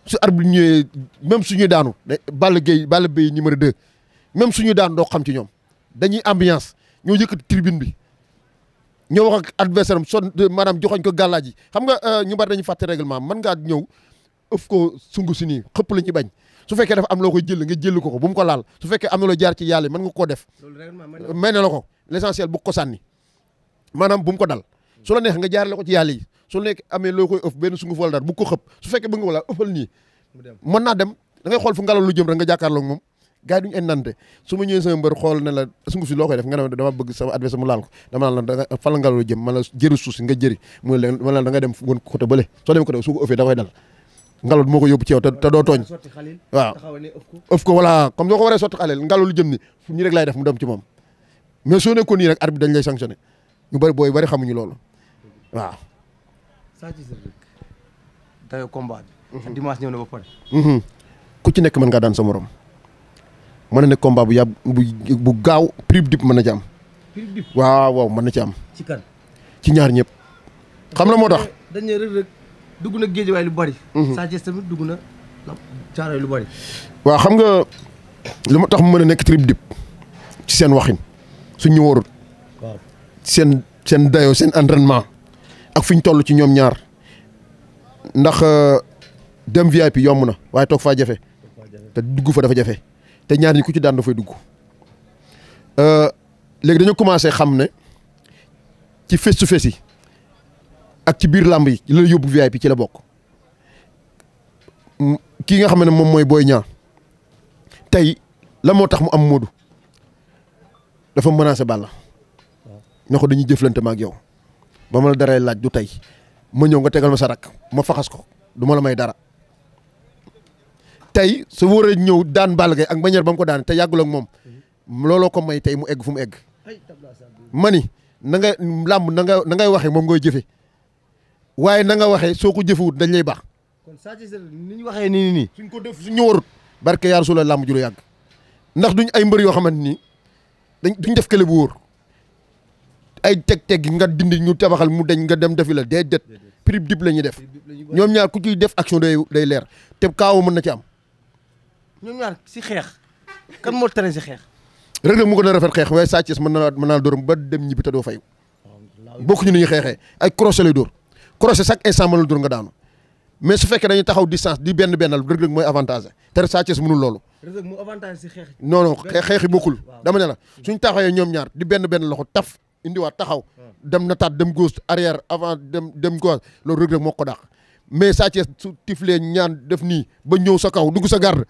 [SPEAKER 2] su arbitre ñëwee même suñuy daanu Balla Gaye Balla Gaye numéro 2 même suñuy daanu doo xam ci ñoom dañuy ambiance ñoo yëkkati tribune bi ñoo wax ak adversaire am son maanaam joxoñ ko gàllaaj yi xam nga euh, ñu bari dañu fàtte règlement mën ngaa ñëw ëf ko sungu si nii xëpp la ñu bañ su fekkee dafa am loo koy jël nga jël ko ko bu mu ko laal su fekkee am na loo jaar ci yàlla mën nga koo def may na la ko l'essentiel bu ko sànni maanaam bu ko dal su la neex nga jaarale ko ci yàlla yi su nekk amee loo koy ëf benn sunguf wala dara bu ko fekkee bëgg nga wala ëppal nii mën naa dem da xool fu ngelaw lu jëm rek nga jàkkaarloo moom gars yi duñu su ma ñëwee sama mbër xool ne la sunguf si loo koy def nga ne dama bëgg jëri nga jëri mu ne man la da ngay dem woon côté bële soo dem côté su ko ëffee da koy dal ngelaw moo ko yóbbu ci yow te doo tooñ waaw ëf ko voilà comme doo ko waree sotti xaleel ngelaw lu jëm ni fu ñu rek laay def mu dem ci moom mais soo nekkoon nii rek arbitre dañ lay sanctionné ñu bëri booy bëri xamuñu loolu waaw
[SPEAKER 1] dayo combat mhm.
[SPEAKER 2] mhm. ku ci nekk mën ngaa daan sa morom mën na nekk combat bu yàgg bu gaaw prix dip mën na ci am waaw waaw mën na ci am ci kan ci ñaar ñëpp xam na moo tax
[SPEAKER 1] dugg na géejewaay lu bari. Mhm. Sa Thiès tamit dugg na
[SPEAKER 2] caaray lu bari. waaw xam nga li ma tax mu mën a nekk trip dip ci seen waxin suñ ñu wóorul. waaw seen seen dayoo seen entraînement ak fi ñu toll ci ñoom ñaar ndax euh, dem VIP yomb na waaye toog faa jafe. te dugg fa dafa jafe te ñaar ñi ku ci daan dafay dugg. Euh, léegi dañoo commencé xam ne ci face su face yi. ak ci biir làmb yi la yóbbu VIP ci la bokk kii nga xam ne moom mooy Boy Niang tey la moo tax mu am Modou dafa menacé Balla na ko dañuy jëflante ma ak yow ba ma la daree laaj du tey ma ñëw nga tegal ma sa rakk ma faxas ko duma la may dara tey su wóoree ñëw daan Balla Gaye ak manière ba mu ko daan te yàggul moom looloo ko may tey mu egg fu mu egg ma ni na nga làmb na nga na ngay waxee moom ngay jëfee waaye nanga waxee soo ko jëfewut dañ lay baax.
[SPEAKER 1] kon saa ci ni ñu
[SPEAKER 2] waxee nii nii. suñ ko def suñ ñëwarut. barke yaa Rasulullah làmb ju yàgg ndax duñ ay mbër yoo xamante ni dañ duñ def kële bu wóor ay teg-teg nga dindi ñu tabaxal mu deñ nga dem defi la day det prix dib la ñuy def ñoom ñaar ku ciy def action day day leer te kaaw mën na ci am.
[SPEAKER 1] ñoom ñaar si xeex kan moo tere si xeex.
[SPEAKER 2] Reug Reug mu ko na rafet xeex waaye Sa Thiès mën naa mën naa dóoram ba dem ñibbi te doo fay bokkuñu ni ñuy xeexee ay crochet lay dóor. crochet chaque instant mënul dur nga daanu mais su fekkee dañuy taxaw distance di benn bennal Reug Reug mooy avantage te Sa Thiès mënul loolu.
[SPEAKER 1] Reug Reug xeex.
[SPEAKER 2] non bokkul dama ne la suñ taxawee ñoom ñaar di benn benn loxo taf indiwaat taxaw. Hmm. dem na taat dem gauche arrière avant dem dem gauche loolu Reug Reug moo ko mais Sa Thiès su tiflee ñaan def nii ba ñëw sa kaw dugg sa garde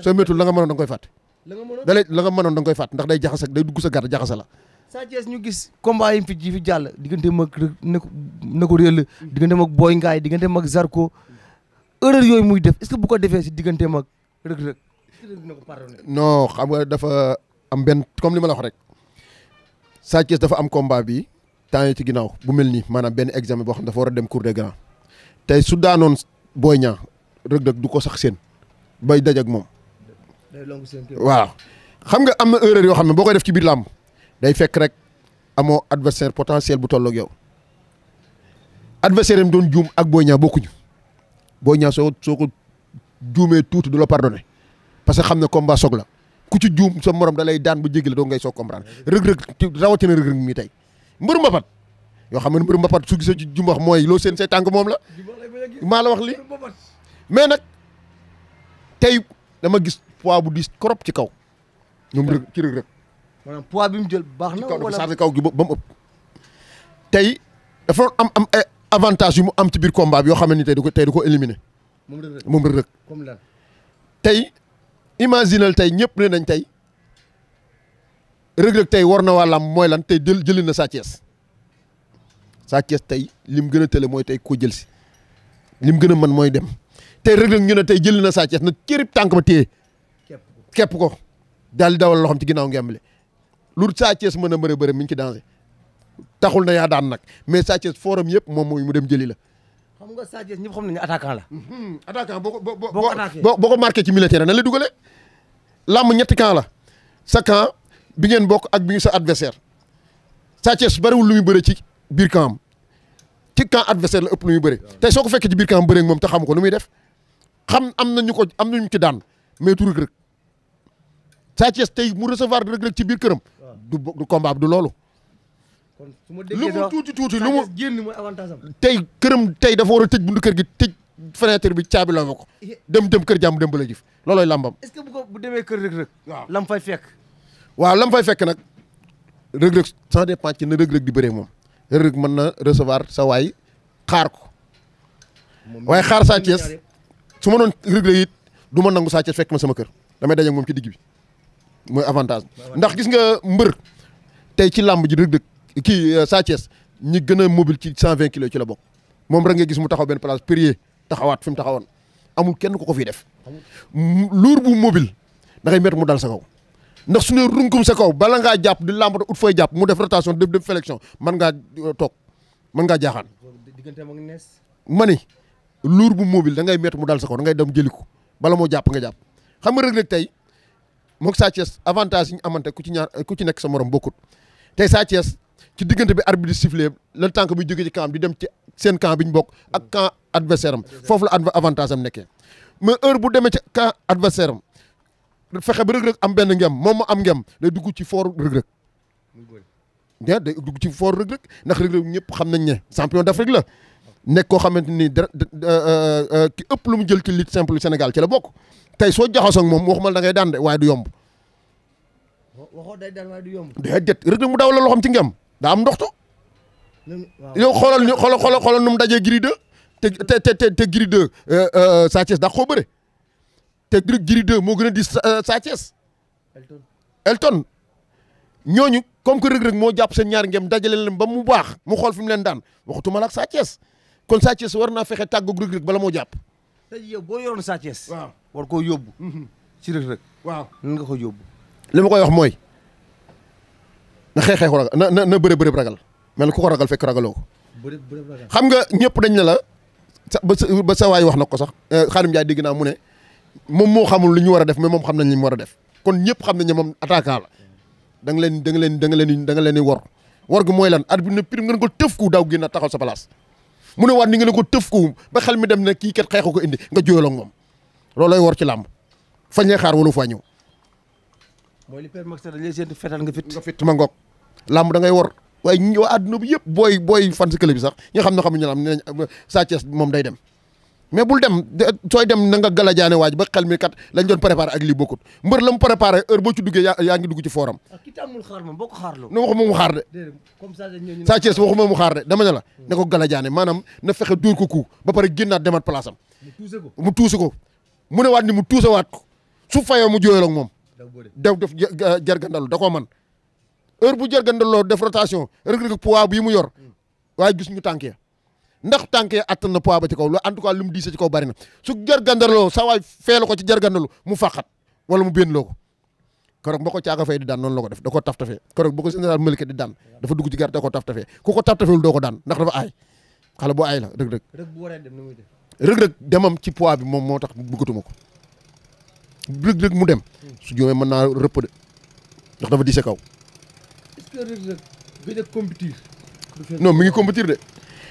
[SPEAKER 2] soo méttul la nga mënoon koy fàtt. la nga mënoon da la nga mënoon da koy fàtt ndax day jaxas ak day dugg sa garde jaxasa la
[SPEAKER 1] Sa Thiès ñu gis combat yi fi ji fi jàll diggante mag na ko réel diggante mag Boy Ngaay diggante mag Zarko erreur
[SPEAKER 2] yooyu muy def est-ce que bu ko defee si diggante mag rëg-rëg dina ko non xam nga dafa am benn comme li ma la rek Sa dafa am combat bi temps ci ginnaaw bu mel nii maanaam benn examen boo xam dafa war a dem cours des tey su daanoon Boy Niang rëg du ko sax seen bay daj ak moom waaw xam nga am na erreur yoo xam ne boo koy def ci biir làmb day fekk rek amoo adversaire potentiel bu tolloog yow adversaire am doon juum ak Boy Niang bokkuñu Boy Niang soo soo ko juumee tuuti du la pardonné parce que xam ne combat soog la ku ci juum sa morom da lay daan bu jéggi la doo ngay soo comprendre rëg-rëg rawatina rëg-rëg mi tey mbëru mbapat yoo xam ne mbëru mbapat su gisee ci jum mooy loo seen say tànk moom la maa la wax li mais nag tey dama gis poids bu diis trop ci kaw ñoom rëg ci rëg-rëg maanaam poids bi mu jël baax na wala ci kaw gi ba mu ëpp. am am ay avantages yu mu am ci biir combat yoo xam ne tey ko tey ko éliminer. moom rëdd moom rëdd. comme lan tey imaginal tey ñëpp ne nañ tey Reug tey war na waa làmb mooy lan tey jël jëli na Sa Thiès Sa Thiès tey gën a tële tey ko jël si lim gën a mën mooy dem tey Reug Reug ne tey jëli na Sa Thiès na tànk ma téye. képp ko képp ko daal di dawal loxoom ci ginnaaw ngembale lu Sa mën a mën a bëre mi ngi ci danger taxul na yaa daan nag mais Sa Thiès forum yëpp moom mooy mu dem jëli la.
[SPEAKER 1] xam nga Sa Thiès xam nañu la. Hmm, attaquant
[SPEAKER 2] boo ko boo boo boo ko marqué ci militaire na la dugalee. làmb ñetti camp la sa camp bi ngeen bokk ak bi sa adversaire Sa Thiès bëriwul lu muy bëre ci biir camp am ci camp adversaire la ëpp lu muy bëre tey soo ko fekkee ci biir camp am moom te xamu ko nu muy def xam am na ñu ko am na ñu ci daan mais du Reug Reug Sa Thiès tey mu recevoir Reug Reug ci biir këram. du du combat du loolu. kon su ma déggee lu mu tuuti tuuti lu mu
[SPEAKER 1] génn mooy avantage am.
[SPEAKER 2] tey këram tey dafa war a tëj buntu kër gi tëj fenêtre bi caabi la ma ko. dem dem kër jàmm dem ba la jëf loolooy làmbam. est bu ko bu demee kër Reug Reug. waaw lam fay fekk. waaw lam fay fekk nag. Reug Reug ça dépend ci na Reug Reug di bëree moom. Reug Reug mën na recevoir sa waay xaar ko. waaye xaar Sa Thiès su ma doon Reug Reug it du ma nangu Sa Thiès fekk ma sama kër damay daje moom ci digg bi. mooy avantage ndax gis nga mbër tey ci làmb ji Reug Reug kii euh, Sa ñi gën a mobile ci cent vingt ci la bokk moom rek nga gis mu taxaw benn place prier taxawaat fi mu taxawoon amul kenn ku ko fiy def luur bu mobile da ngay mettre mu dal sa kaw ndax su ne runkum sa kaw bala ngaa jàpp di làmbata ut fooy jàpp mu def rotation def def flexion mën ngaa euh, toog mën ngaa jaaxaan ma ni luur bu mobile da ngay mettre mu dal sa kaw da ngay dem jëli ko bala moo jàpp nga jàpp xam nga Reug Reug tey moog Sa Thiès avantage yi ñu amante ku ci ñaar ku ci nekk sa morom bokkut tey Sa ci diggante bi arbitre sifflé la tànk bi jóge ci camp bi di dem ci seen camp bi ñu bokk ak camp adversaire am foofu la avantage am nekkee mais heure bu demee ci camp adversaire am fexe ba rëg-rëg am benn ngem moom mu am gem day dugg ci foor rëg-rëg dugg ci fort rëg ndax rëg-rëg ñëpp xam nañ ne champion d'Afrique la nekk koo xamante ni euh, euh, euh, ki ëpp lu mu jël ci lutte simple Sénégal ci la bokk tey soo jaxasoo ak moom waxuma da ngay daan de waaye du yomb. waxoo day daan waaye mu daw la loxoom ci ngem daa am ndoxto. yow xoolal ñu xoolal xoolal xoolal nu dajee Gris 2 te te te te Gris 2 euh, euh, Sa Thiès daa ko bëre te Gris moo gën di euh, Sa Elton Elton ñooñu comme que Reug moo jàpp se ñaar ngem dajale leen ba mu baax mu xool fi mu leen daan waxatuma la ak kon Sa Thiès war naa fexe tàggoog Reug Reug bala moo jàpp. tey yow boo yoroon Sa Thiès waaw war koo yóbbu mhm. ci Reug Reug waaw nan nga ko yóbbu li ma koy wax mooy na xeexee ko ragal na na na bëre ragal mel na ku ko ragal fekk ragaloo ko xam nga ñëpp dañ ne la ba sa waay wax na ko sax Xaadim eh, Njaay dégg naa mu ne moom moo xamul lu ñu war a def mais moom xam nañ li mu war a def kon ñëpp xam nañ ne moom attaquant la da leen da leen da nga leen da nga leen wor war gi mooy lan at bi ne prime ngeen ko tëf ku daaw génn a taxaw sa place mu ne waat ni nga ne ko tëf ko ba xel mi dem ne kii kat xeexu ko indi nga jooyal ak moom loolooy wor ci làmb fañ lay xaar wala faa ñëw. mooy li père Max dañ nga fit. nga fit ma ngoog làmb da ngay war waaye ñi waa àdduna bi yëpp booy booy fan si kële bi sax ñi xam ne xamuñu ne am nañ Sa Thiès moom day dem. mais bul dem sooy dem na nga galajaane waaj ba xel mi kat lañ doon préparé ak lii bokkut mbër la mu préparé heure boo ci duggee yaa yaa ngi dugg ci fooram. ah ki moom boo ko xaarloo. ne waxuma mu xaar de. comme ça dañ Sa Thiès waxuma mu xaar de dama ne la. Hmm. galajaane maanaam na fexe dóor ko ku ba pare génnaat demaat place am. mu tuuse ko mu ko mu ne waat ni mu tuuse waat ko su fayoo mu jooyaloo ak moom. daw def jargandalu da koo man heure bu jargandaloo def rotation rek rek poids bii mu yor hmm. waaye gis ñu tànk ndax tànk yi attan na poids ba ci kaw lu en tout cas lu mu diisee ci kaw bari na su jargandarloo sa waay feelu ko ci jargandalu mu fàqat wala mu benn loo ko keroog ba ko caaga fay di daan noon la ko def da ko taftafee keroog ba ko général Malika di daan dafa dugg ci gar da ko taftafee ku ko taftafeewul doo ko daan ndax dafa aay xale bu aay la Reug Reug Reug bu waree dem nu demam ci poids bi moom moo tax mu bëggatuma ko Reug Reug mu dem su jóomee man naa rëpp de ndax dafa diisee kaw
[SPEAKER 1] est-ce que mi ngi compétir
[SPEAKER 2] de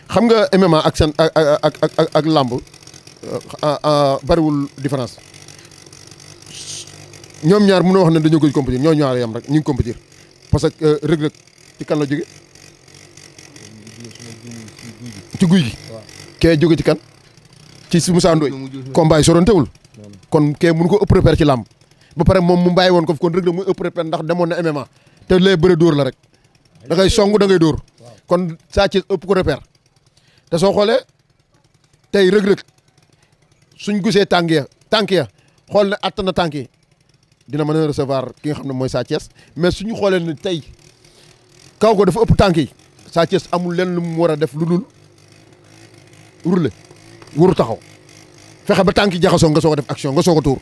[SPEAKER 2] xam nga MMA ak seen ak ak ak ak làmb euh, bariwul différence ñoom ñaar mënoo wax ne dañoo gëj compétir ñoo ñaar yam rek ñu ngi compétir parce que euh, Reug ci kan la jóge ci guy gi kee jóge ci kan ci si Moussa Ndoye combat yi kon kee mënu ko ëpp repère ci làmb ba pare moom mu bàyyi woon ko fi kon Reug muy ëpp repère ndax demoon na MMA te lay bëre dóor la rek da ngay song da ngay dóor kon saa ci ëpp ko repère te soo xoolee tey rëg-rëg suñ gusee tànk ya tànk ya xool ne àtt na tànk dina mën a recevoir ki nga xam ne mooy Sa mais suñu xoolee ne tey kaw ko dafa ëpp tànk yi Sa amul leen lu mu war a def lu dul rulé wuru taxaw fexe ba tànki jaxasoo nga soo a def action nga soog a tuur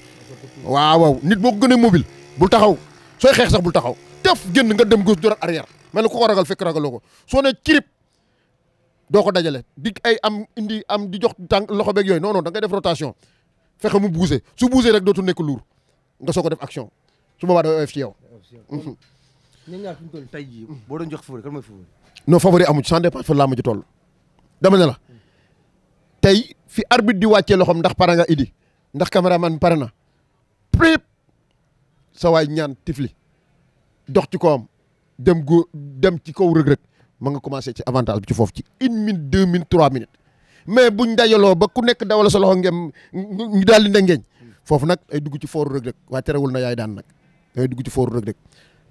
[SPEAKER 2] waaw waaw nit boo ko gënee mobile bul taxaw sooy xeex sax bul taxaw tef génn nga dem gauche droite arrière mel ni ku ko ragal fekk ragaloo ko soo ne cirip doo ko dajale di ay am indi am di jox tànk loxo beeg yooyu noonoo non da ngay def rotation fexe mu bouger su bouger rek dootul nekk lourd nga soo ko def action su boobaa da oyof ci yow.
[SPEAKER 1] ñun ñaar fi ñu toll tey jii boo doon jox favori kan mooy
[SPEAKER 2] favori. amu ci sans dépend laa ma ci toll. dama ne la tey fi arbitre di wàccee loxoom ndax pare nga idi ndax caméraman pare na prip sa waay ñaan tifli dox ci kawam dem go dem ci kaw rek ma nga commencé ci avantage bi ci foofu ci une minute deux minutes trois minutes mais buñ dajaloo ba ku nekk dawal sa loxo ngem ñu daal di ndengeeñ foofu nag ay dugg ci fooru rëg-rëg waaye terewul na yaay daan nag ay dugg ci fooru rëg-rëg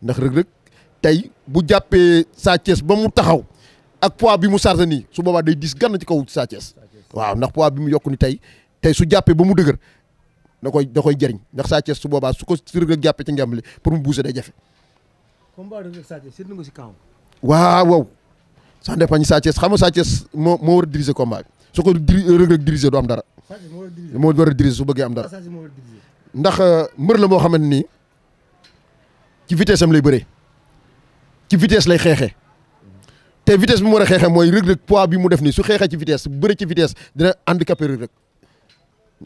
[SPEAKER 2] ndax rëg-rëg tey bu jàppee Sa ba mu taxaw ak poids bi mu chargé nii su boobaa day dis gann ci kaw Sa Thiès waaw ndax poids bi mu yokku ni tey tey su jàppee ba mu dëgër da koy da koy jëriñ ndax Sa su boobaa su ko su rëg jàppee ci ngem li pour mu bouger day jafe
[SPEAKER 1] combat rëg-rëg Sa Thiès seetlu nga si kaw
[SPEAKER 2] waaw waaw ça dépend Sa Thiès xam nga Sa moo moo war a diriger combat ko Reug Reug diriger am dara. moo war a diriger su bëggee am dara. ndax euh, mbër la moo xamante ni ci vitesse am lay bëree ci vitesse lay xeexee te vitesse bi mu war a xeexee mooy Reug Reug poids bi mu def nii su xeexee ci vitesse bu bëree ci vitesse dina handicapé Reug Reug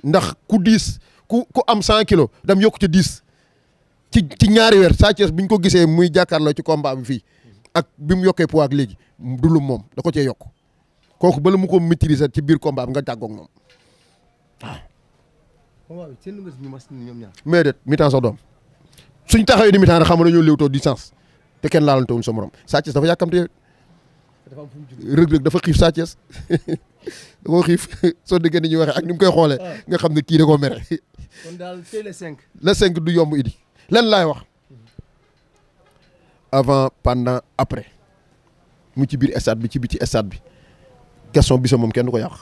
[SPEAKER 2] ndax ku diis ku ku am 100 kilos dam yokkute ca diis ci ci ñaari weer Sa Thiès bu ko gisee muy jàkkaarloo ci combat fii. ak bi mu yokkee poids ak léegi du lu moom da ko cee yokk kooku bala mu ko maîtriser ci biir combat bi nga tàggoog moom
[SPEAKER 1] waaw. Ah. combat bi seen ñu
[SPEAKER 2] mas doom suñ taxawee di mi-temps rek xam nga dañoo léewtoo distance te kenn laalante wuñ sa morom Sa Thiès dafa yàkkamte dafa am dafa xiif Sa Thiès da koo xiif soo déggee ni ñuy waxee ak ni mu koy xoole ah. nga xam ne kii da koo mere. kon daal tey le 5. le du yomb idi lan laay wax. avant pendant après mu ci biir stade bi ci biti stade bi question bisa moom kenn du ko yàq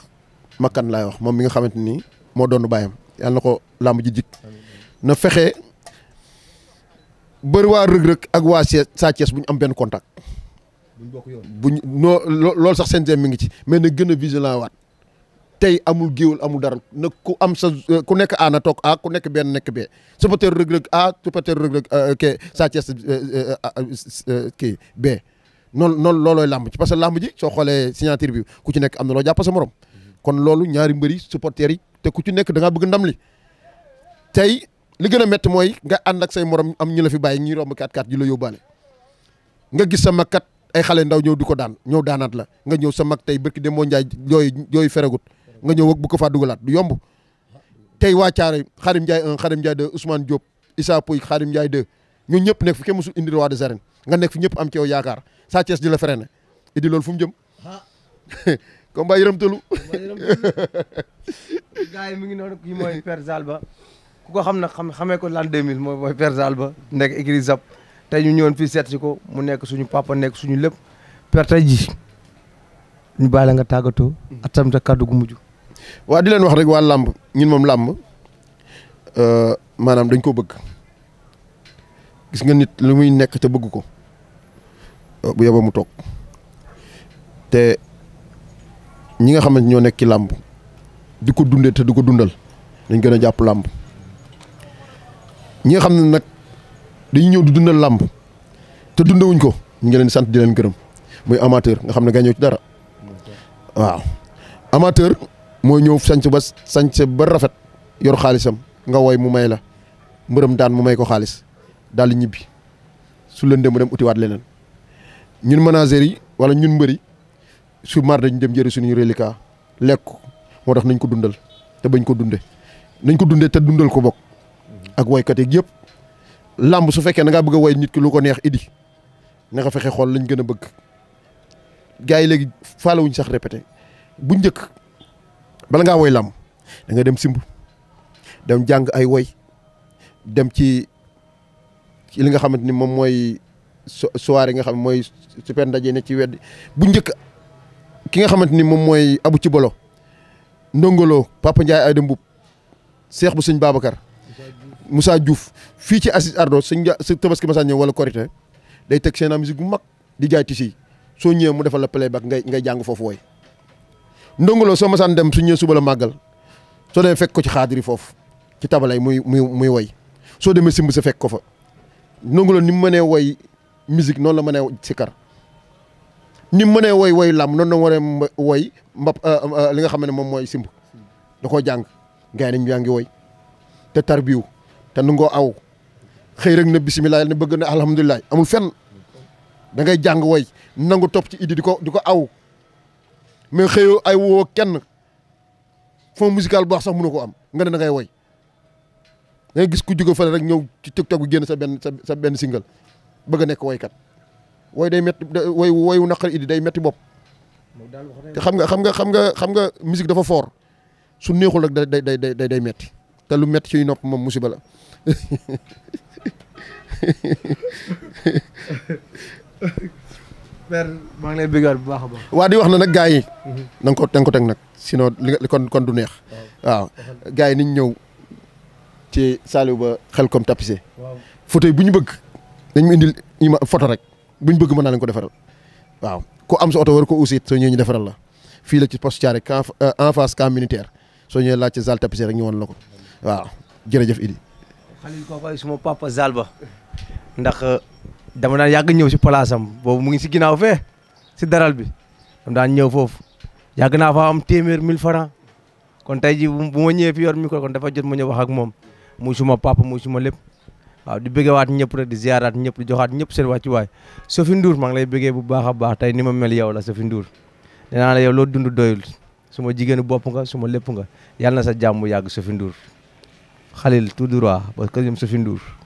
[SPEAKER 2] makkan laay wax moom mi nga xamante ni moo doon bàyyam yàlla na ko làmb ji jik na fexe bëri waa rëg-rëg ak waa Sa Thiès bu am benn contact.
[SPEAKER 1] bu ñu bokk yoon bu
[SPEAKER 2] ñu noo sax seen mi ngi ci mais na gën a vigilant waat. tey amul géwal amul dara nag ku am sa ku nekk A na toog A ku nekk benn nekk be supporter rëg-rëg A supporter rëg euh, ke Sa Thiès euh, euh, kii B noonu noonu loolooy làmb ci parce que làmb ji soo xoolee signature bi ku ci nekk am na loo jàpp sa morom kon loolu ñaari mbëri supporters yi te ku ci nekk da ngaa bëgg ndam li tey li gën a métti mooy nga ànd ak say morom am ñu la fi bàyyi ñuy romb kat kat ji la yóbbaale nga gis sama kat ay xale ndaw ñëw di ko daan ñëw daanaat la nga ñëw sa mag tey bërki de moo njaay jooy jooy nga ñëw ak bu ko faa dugalaat du yomb tey waa Thiaré Xarim Ndiaye 1 Xarim Ndiaye 2 Ousmane Diop Issa Pouye Xarim Ndiaye 2 ñëpp nekk fu kenn musul indi roi des arènes nga nekk fi ñëpp am ci yow yaakaar Sa Thiès di la freiné idi loolu fu mu jëm combat yërëmtalu
[SPEAKER 1] mi ngi noonu kii mooy Père Zalba ku ko xam na xam xamee ko l'an 2000 mooy mooy Père Zalba nekk écrit zap tey ñu ñëwoon fii seet si ko mu nekk suñu papa nekk suñu lépp Père tey ji ñu bàyyi la nga tàggatoo hmm. atam ta kàddu gu mujj
[SPEAKER 2] waa di leen wax rek waa làmb ñun moom làmb euh, maanaam dañ koo bëgg gis nga nit lu muy nekk te bëgg ko euh, bu yóbboo mu toog te ñi nga xamante ñoo nekk ki làmb di ko dundee te di ko dundal dañ gën a jàpp làmb ñi nga xam ne nag dañuy ñëw di dundal làmb te dundawuñ ko ñu ngi leen sant di leen gërëm muy amateur nga xam ne gañoo ci dara waaw amateur mooy ñëw sañc ba sañce ba rafet yor xaalisam nga woy mu may la mbërëm daan mu may ko xaalis daal di ñibbi su lëndee mu dem utiwaat leneen ñun managers yi wala ñun mbëri su mar dañu dem jëri suñu reliquat lekk moo tax nañ ko dundal te bañ ko dunde nañ ko dundee te dundal ko bokk ak woykat yeeg yëpp làmb su fekkee da ngaa bëgg a woy nit ki lu ko neex idi na nga fexe xool lañ gën a bëgg gars yi léegi faalewuñ sax répété bu njëkk bala ngaa woy làmb da nga dem simb dem jàng ay woy dem ci ci li nga xamante ni moom mooy soirée nga xam mooy super ndaje ne ci wedd bu njëkk ki nga xamante ni moom mooy abu ci bolo ndongolo Papa Ndiaye Ayda Mbub seex bu sëñ Babacar Moussa Diouf fii ci Assis Ardo sëñ sa tabaski masaan ñëw wala korite day teg seen musique bu mag di jaay tissu soo ñëwee mu defal la playback ngay ngay jàng foofu woy Ndongo Lo soo saan dem su ñëwee suba la màggal soo demee fekk ko ci xaadir yi foofu ci tabalay muy muy muy woy soo demee simb sa fekk ko fa Ndongo Lo ni mu mënee woy musique noonu la mënee sikar ni mu mënee woy woy làmb noonu la war woy mbap euh, euh, euh, li nga xam ne moom mooy simb da koo jàng gars yi nañ jàngi woy te tarbiw te nu aw xëy rek na bisimilah ne bëgg na alhamdulilah amul fenn da ngay jàng woy nangu topp ci iddi di ko di ko aw mais xëyoo ay woo kenn fond musical baax sax mënu ko am nga ne da ngay woy da ngay gis ku jóge fële rek ñëw ci TikTok bi génn sa benn sa benn single bëgg a nekk woykat woy day metti woy woyu naqar idi day métti bopp te xam nga xam nga xam nga xam nga musique dafa fort su neexul rek day day day day métti te lu métti ciy nopp moom musiba la
[SPEAKER 1] père maa ngi lay bëggaat bu baax a baax. waa di wax na nag gaa yi. Mhm.
[SPEAKER 2] na nga ko na nga ko teg nag sinon kon kon du neex. waaw gaa yi nañ ñëw ci Saliou Ba xel Tapissier. waaw photo yi bu ñu bëgg. dañ mu indil ñu ma photo rek bu ñu bëgg mën naa leen ko defaral. waaw ko am sa oto war ko aussi soo ñëwee ñu defaral la fii la ci poste Thiaré euh, en face camp militaire soo ñëwee laaj ci Zal Tapissier rek ñu wan la ko waaw jërëjëf Idi.
[SPEAKER 1] Khalil kooku ay suma papa Zal ba ndax. Euh, dama daan yàgg ñëw si palaasam boobu mu ngi si ginnaaw fee si daral bi dama daan ñëw foofu yàgg naa fa am téeméer 1000 francs kon tey ji bu ma ñëwee fi yor micro kon dafa jot ma ñëw wax ak moom muy suma papa mu suma lépp waaw di bëggewaat ñëpp rek di ziaraat ñëpp di joxaat ñëpp seen wàccuwaay Sofi Ndour maa ngi lay bëggee bu baax a baax tey ni ma mel yow la Sofi Ndour nee loo dund doyul suma jigéenu bopp nga suma lépp nga yàlla sa jàmm yàgg Sofi Ndour Khalil droit ba kër yëm